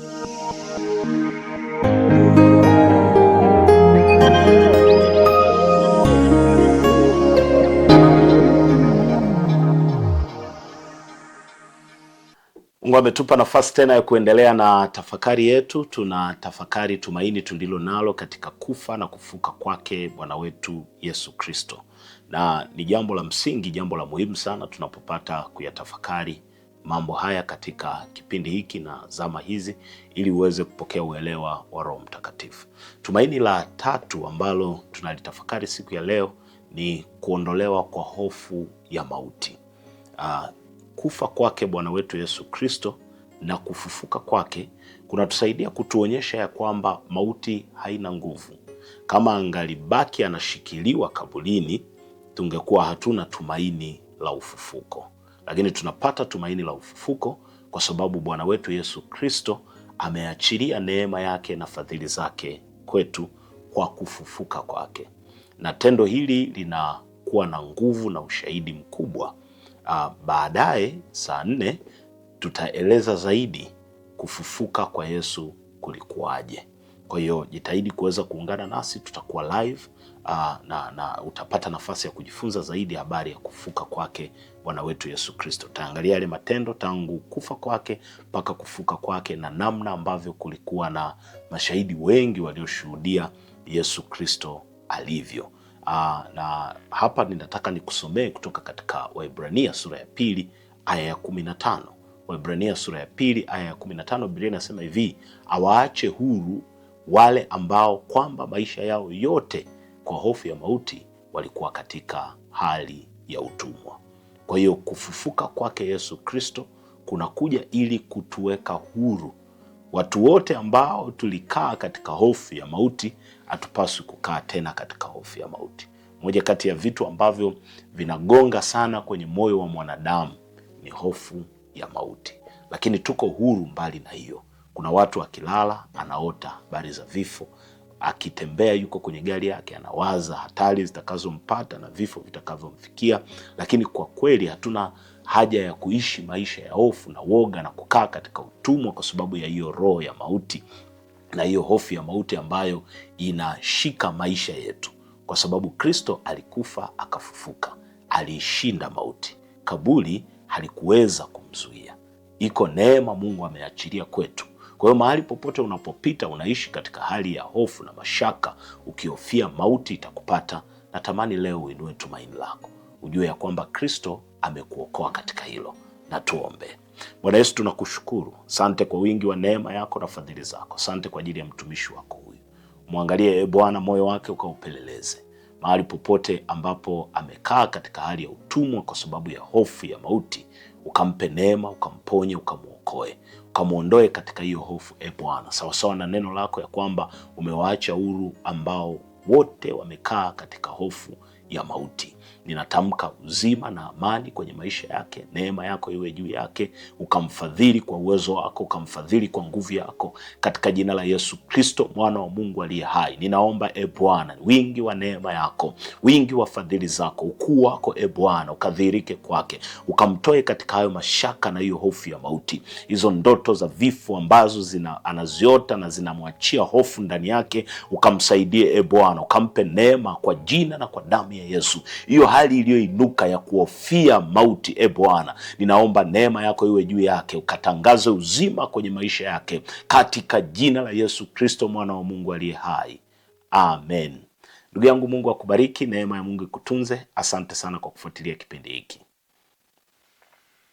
Mungu ametupa nafasi tena ya kuendelea na tafakari yetu. Tuna tafakari tumaini tulilo nalo katika kufa na kufuka kwake Bwana wetu Yesu Kristo, na ni jambo la msingi, jambo la muhimu sana tunapopata kuyatafakari mambo haya katika kipindi hiki na zama hizi ili uweze kupokea uelewa wa Roho Mtakatifu. Tumaini la tatu ambalo tunalitafakari siku ya leo ni kuondolewa kwa hofu ya mauti. Aa, ah, kufa kwake Bwana wetu Yesu Kristo na kufufuka kwake kunatusaidia kutuonyesha ya kwamba mauti haina nguvu. Kama angalibaki anashikiliwa kaburini, tungekuwa hatuna tumaini la ufufuko lakini tunapata tumaini la ufufuko kwa sababu Bwana wetu Yesu Kristo ameachilia neema yake na fadhili zake kwetu kwa kufufuka kwake, na tendo hili linakuwa na nguvu na ushahidi mkubwa. Ah, baadaye saa nne tutaeleza zaidi kufufuka kwa Yesu kulikuwaje. Kwa hiyo jitahidi kuweza kuungana nasi, tutakuwa live aa, ah, na, na utapata nafasi ya kujifunza zaidi habari ya kufuka kwake Bwana wetu Yesu Kristo. Utaangalia yale matendo tangu kufa kwake mpaka kufuka kwake na namna ambavyo kulikuwa na mashahidi wengi walioshuhudia Yesu Kristo alivyo. Aa, ah, na hapa ninataka nikusomee kutoka katika Waebrania sura ya pili aya ya kumi na tano. Waibrania sura ya pili aya ya kumi na tano Biblia inasema hivi: awaache huru wale ambao kwamba maisha yao yote kwa hofu ya mauti walikuwa katika hali ya utumwa. Kwa hiyo kufufuka kwake Yesu Kristo kunakuja ili kutuweka huru. Watu wote ambao tulikaa katika hofu ya mauti, hatupaswi kukaa tena katika hofu ya mauti. Moja kati ya vitu ambavyo vinagonga sana kwenye moyo wa mwanadamu ni hofu ya mauti, lakini tuko huru mbali na hiyo. Kuna watu akilala anaota habari za vifo, akitembea yuko kwenye gari yake anawaza hatari zitakazompata na vifo vitakavyomfikia. Lakini kwa kweli hatuna haja ya kuishi maisha ya hofu na woga na kukaa katika utumwa kwa sababu ya hiyo roho ya mauti na hiyo hofu ya mauti ambayo inashika maisha yetu, kwa sababu Kristo alikufa akafufuka, aliishinda mauti, kaburi halikuweza kumzuia. Iko neema Mungu ameachilia kwetu kwa hiyo mahali popote unapopita unaishi katika hali ya hofu na mashaka, ukihofia mauti itakupata. Natamani leo uinue tumaini lako, ujue ya kwamba Kristo amekuokoa katika hilo. Na tuombe. Bwana Yesu, tunakushukuru, sante kwa wingi wa neema yako na fadhili zako. Sante kwa ajili ya mtumishi wako huyu, mwangalie e Bwana, moyo wake ukaupeleleze mahali popote ambapo amekaa katika hali ya utumwa kwa sababu ya hofu ya mauti ukampe neema, ukamponye, ukamwokoe, ukamwondoe katika hiyo hofu, e Bwana, sawasawa na neno lako ya kwamba umewaacha huru ambao wote wamekaa katika hofu ya mauti. Ninatamka uzima na amani kwenye maisha yake, neema yako iwe juu yake, ukamfadhili kwa uwezo wako, ukamfadhili kwa nguvu yako, katika jina la Yesu Kristo, mwana wa Mungu aliye hai. Ninaomba e Bwana, wingi wa neema yako, wingi wa fadhili zako, ukuu wako e Bwana ukadhihirike kwake, ukamtoe katika hayo mashaka na hiyo hofu ya mauti, hizo ndoto za vifo ambazo zina anaziota na zinamwachia hofu ndani yake, ukamsaidie e Bwana, ukampe neema kwa jina na kwa damu ya Yesu, hiyo hali iliyoinuka ya kuhofia mauti. E Bwana, ninaomba neema yako iwe juu yake, ukatangaze uzima kwenye maisha yake, katika jina la Yesu Kristo, mwana wa Mungu aliye hai, amen. Ndugu yangu, Mungu akubariki, neema ya Mungu ikutunze. Asante sana kwa kufuatilia kipindi hiki.